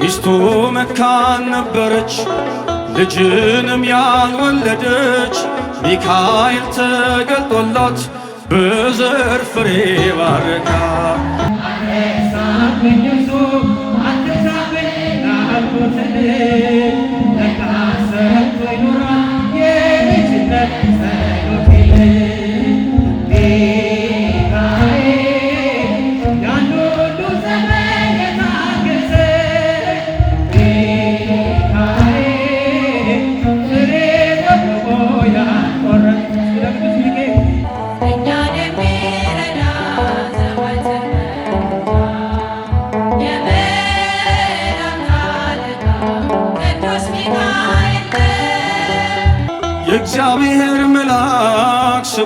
ሚስቱ መካን ነበረች፣ ልጅንም ያልወለደች። ሚካኤል ተገልጦላት በዘር ፍሬ ባረካ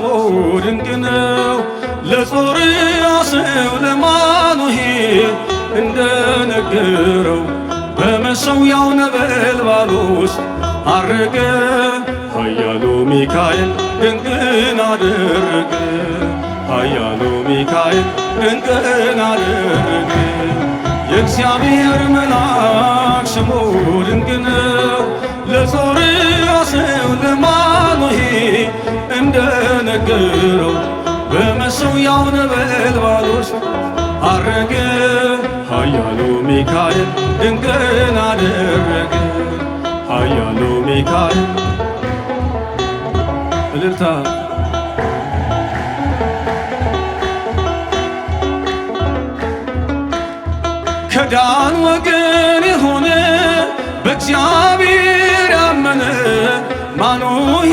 ፈጽሞ ድንቅ ነው። ለጾርያ ሰው እንደነገረው በመሠዊያው ነበልባል ውስጥ አረገ ኃያሉ ሚካኤል ድንቅን አደረገ። ኃያሉ ሚካኤል ድንቅን አደረገ። የእግዚአብሔር መልአክ ስሙ ድንቅ ነው። ለጾርያ ሰው ተቸግሮ በመሰውያው ነበልባል ውስጥ አረገ ኃያሉ ሚካኤል ድንቅን አደረገ ኃያሉ ሚካኤል እልልታ ከዳን ወገን የሆነ በእግዚአብሔር ያመነ ማኑሄ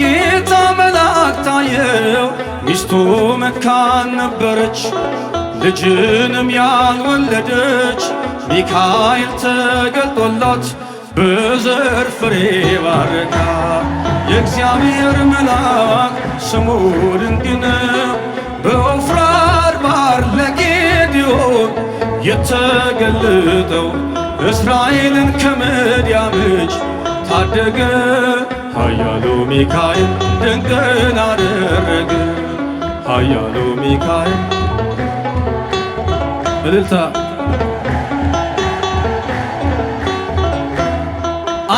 ጌታ መልአክ ታየው። ሚስቱ መካን ነበረች፣ ልጅንም ያልወለደች። ሚካኤል ተገልጦላት በዘር ፍሬ ባረካ። የእግዚአብሔር መልአክ ስሙ ድንቅ ነው። በኦፍራድ ባር ለጌዴዎን የተገለጠው እስራኤልን ከምድያም እጅ ታደገ። ኃያሉ ሚካኤል ድንቅን አደረገ። ኃያሉ ሚካኤል እልልታ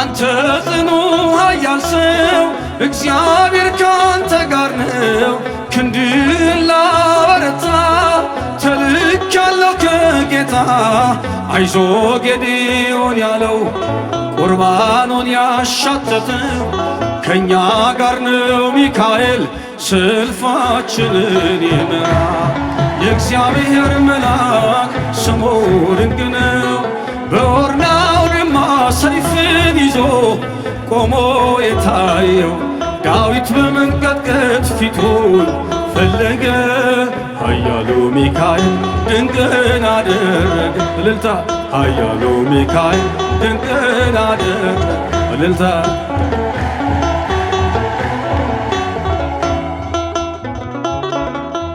አንተ ጽኑ ኃያል ሰው እግዚአብሔር ካንተ ጋር ነው ክንድን ላበረታ አይዞ ጌዴዎን ያለው ቁርባኑን ያሻተተው ከእኛ ጋር ነው ሚካኤል ስልፋችንን የመራ የእግዚአብሔር መልአክ ስሙ ድንቅ ነው። በኦርናው ድማ ሰይፍን ይዞ ቆሞ የታየው ዳዊት በመንቀጥቀጥ ፊቱን ፈለገ። ኃያሉ ሚካኤል ድንቅን አደረገ እልልታ ኃያሉ ሚካኤል ድንቅን አደረገ እልልታ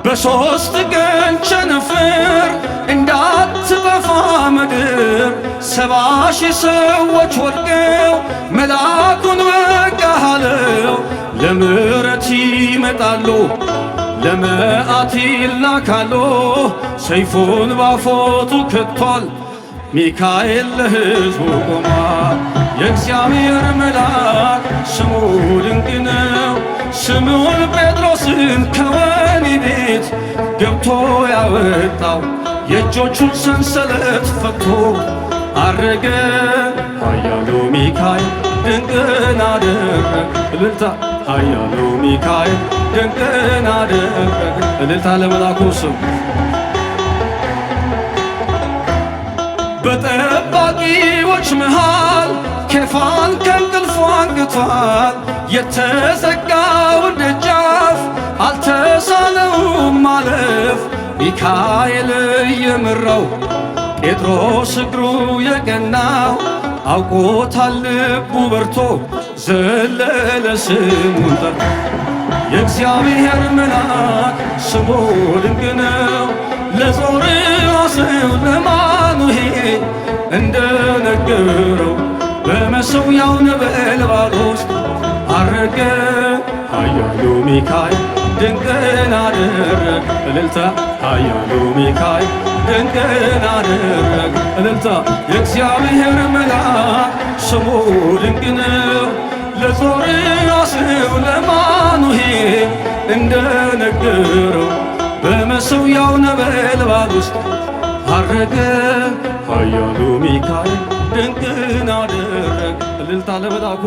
በሦስት ቀን ቸነፈር እንዳትጠፋ ምድር ሰባ ሺህ ሰዎች ወድቀው መልአኩን በቃ ለምረት ይመጣሉ ለመአት ይላካሉ ሰይፉን ባፎቱ ከቷል። ሚካኤል ለሕዝቡ ቆሟል። የእግዚአብሔር መልአክ ስሙ ድንቅ ነው። ስምዖን ጴጥሮስን ከወህኒ ቤት ገብቶ ያወጣው የእጆቹን ሰንሰለት ፈቶ አረገ። ኃያሉ ሚካኤል ድንቅን አደረገ። እልልታ ኃያሉ ሚካኤል ድንቅን አደረገ። እልልታ ለመላኩ ስም በጠባቂዎች መሃል ኬፋን ከእንቅልፏ አንግቷል። የተዘጋውን ደጃፍ አልተሳነውም ማለፍ ሚካኤል እየመራው ጴጥሮስ እግሩ የቀናው አውቆታል ልቡ በርቶ ዘለለ ስሙን ጠራ። የእግዚአብሔር መልአክ ስሙ ድንቅ ነው። ለጾርዓ ሰው ለማኑሄል እንደነገረው በመሠዊያው ነበልባል ውስጥ አረገ። ኃያሉ ሚካኤል ድንቅን አደረግ እልልታ ኃያሉ ሚካኤል ድንቅን አደረግ እልልታ የእግዚአብሔር መልአክ ስሙ ድንቅ ነው እንደ ጦርያስ ለማኑሄል እንደነገረው በመሠዊያው ነበልባል ውስጥ አረገ ኃያሉ ሚካኤል ድንቅን አደረግ እልልታ ለመላኩ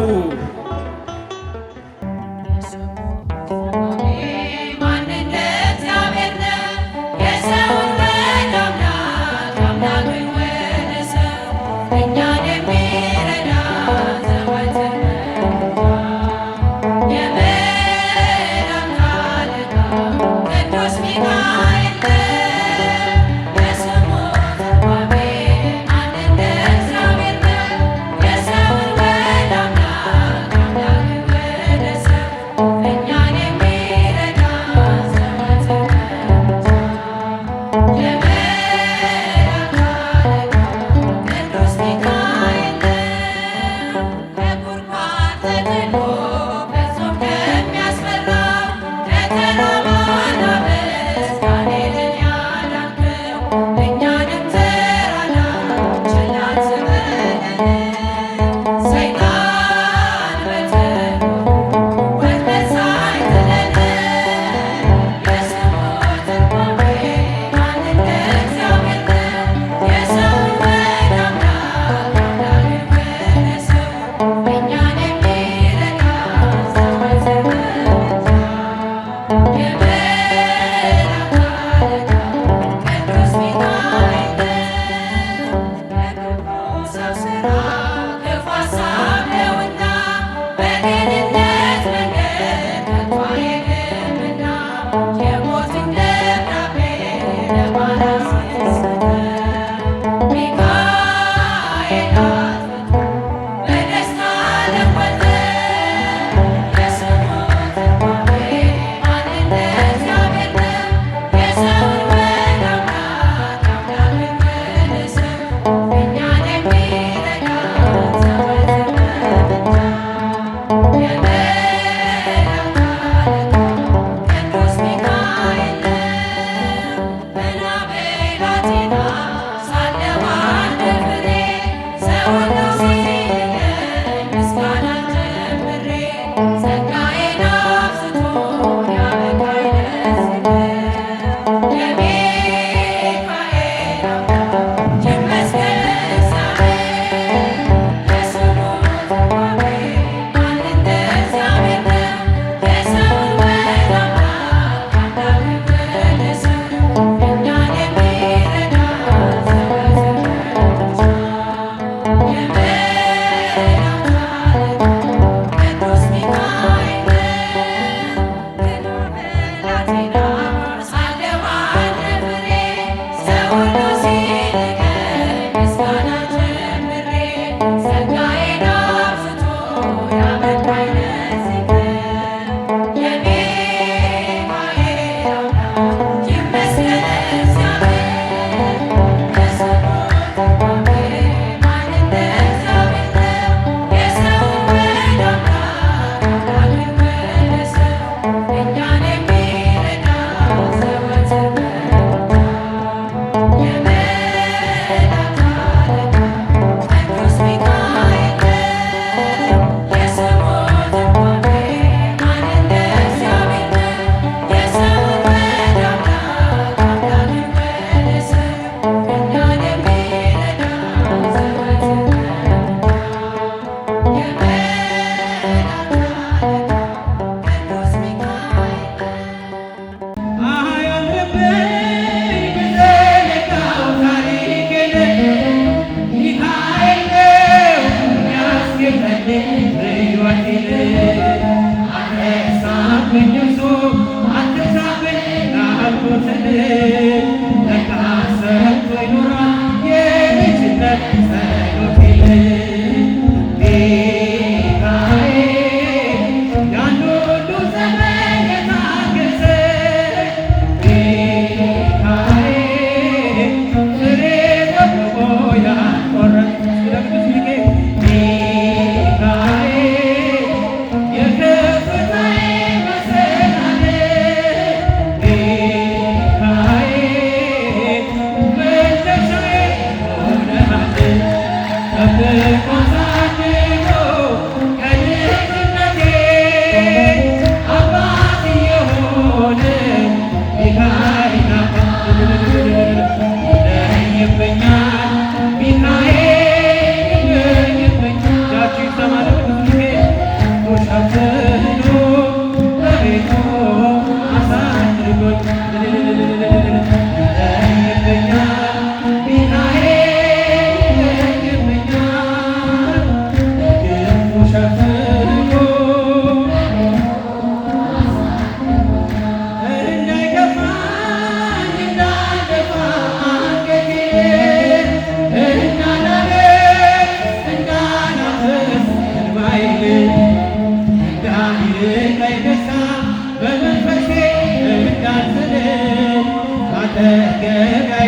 Thank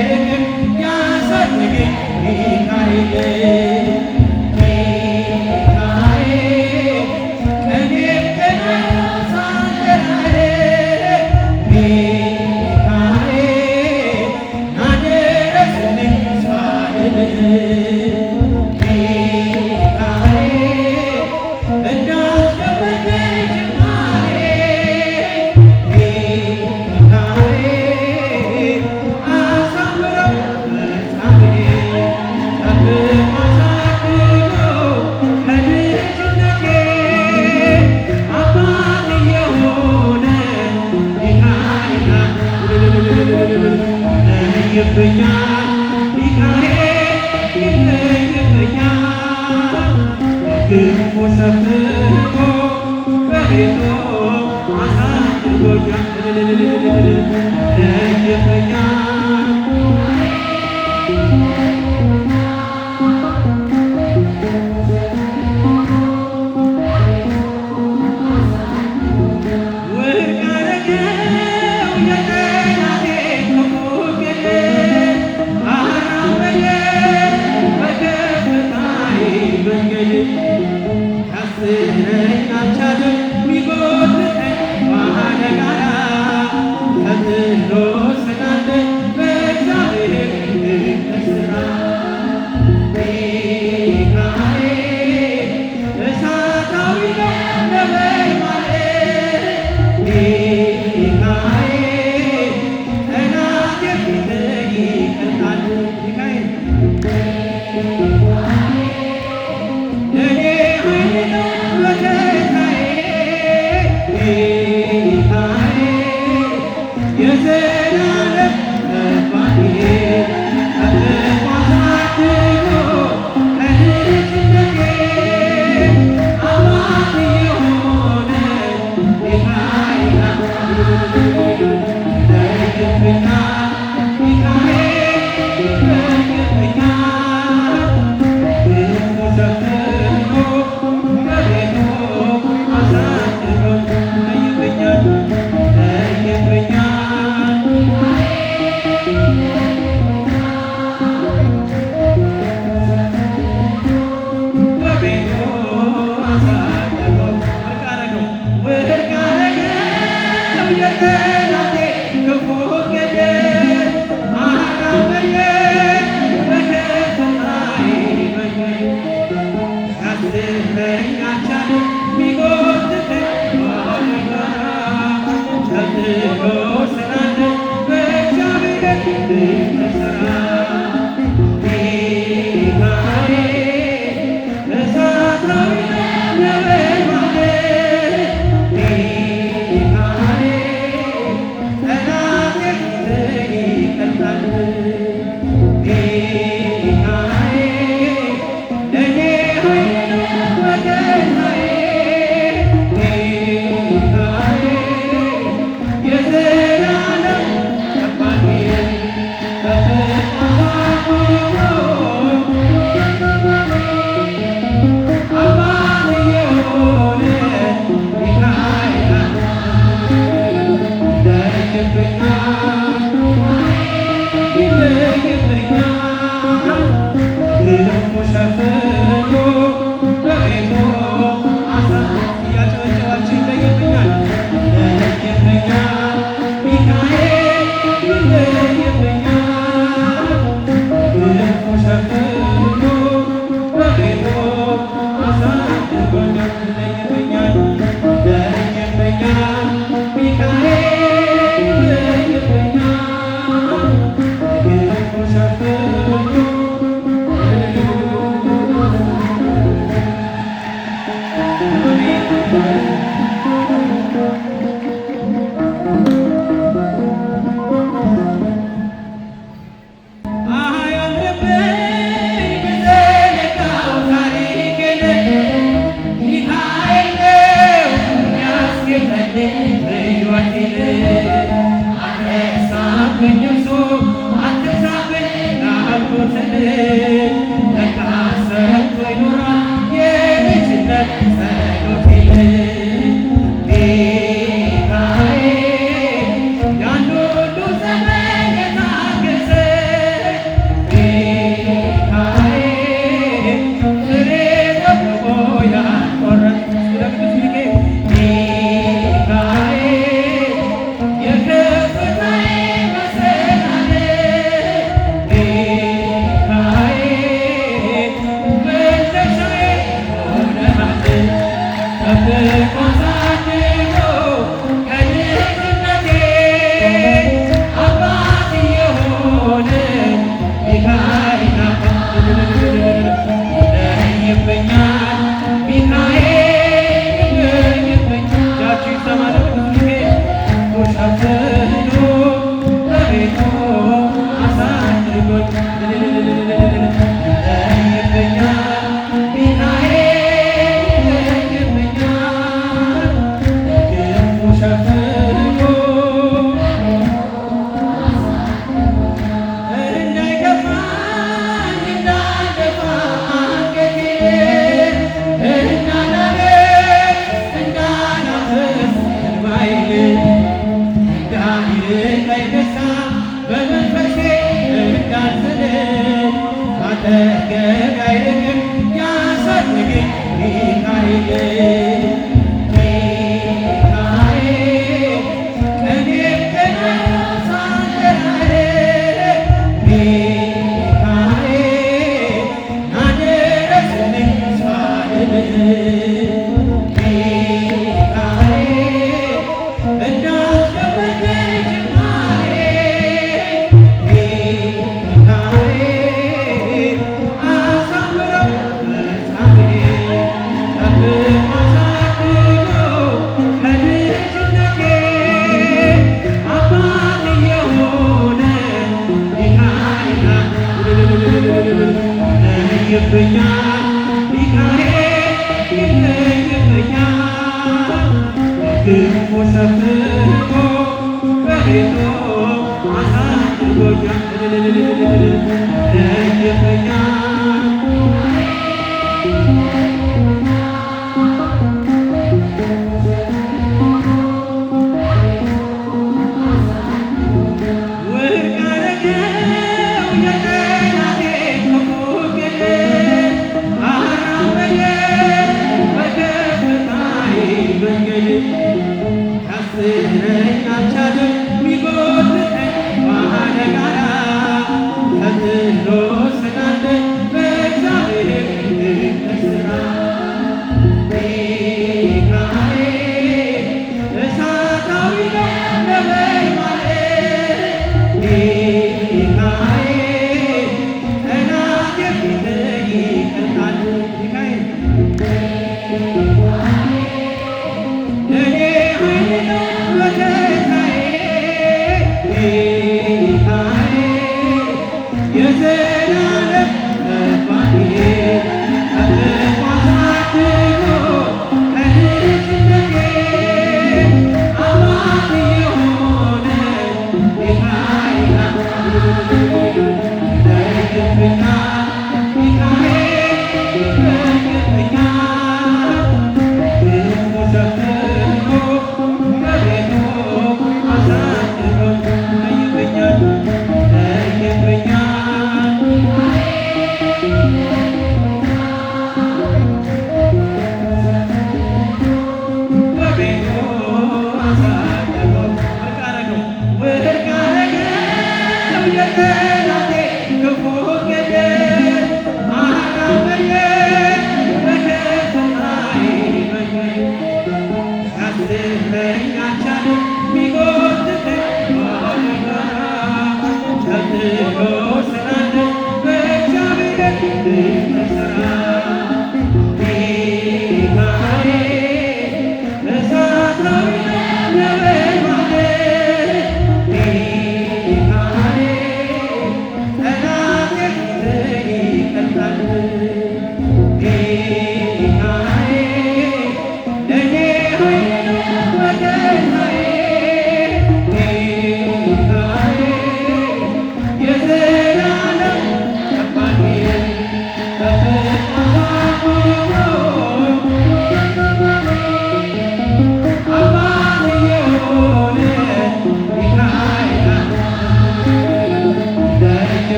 you. ይገባኛል ሚካኤል ይገባኛል ከክፉ ሰፍቶ በቤቱ አሳድጎኛል dele, né? Yeah. Amen. Até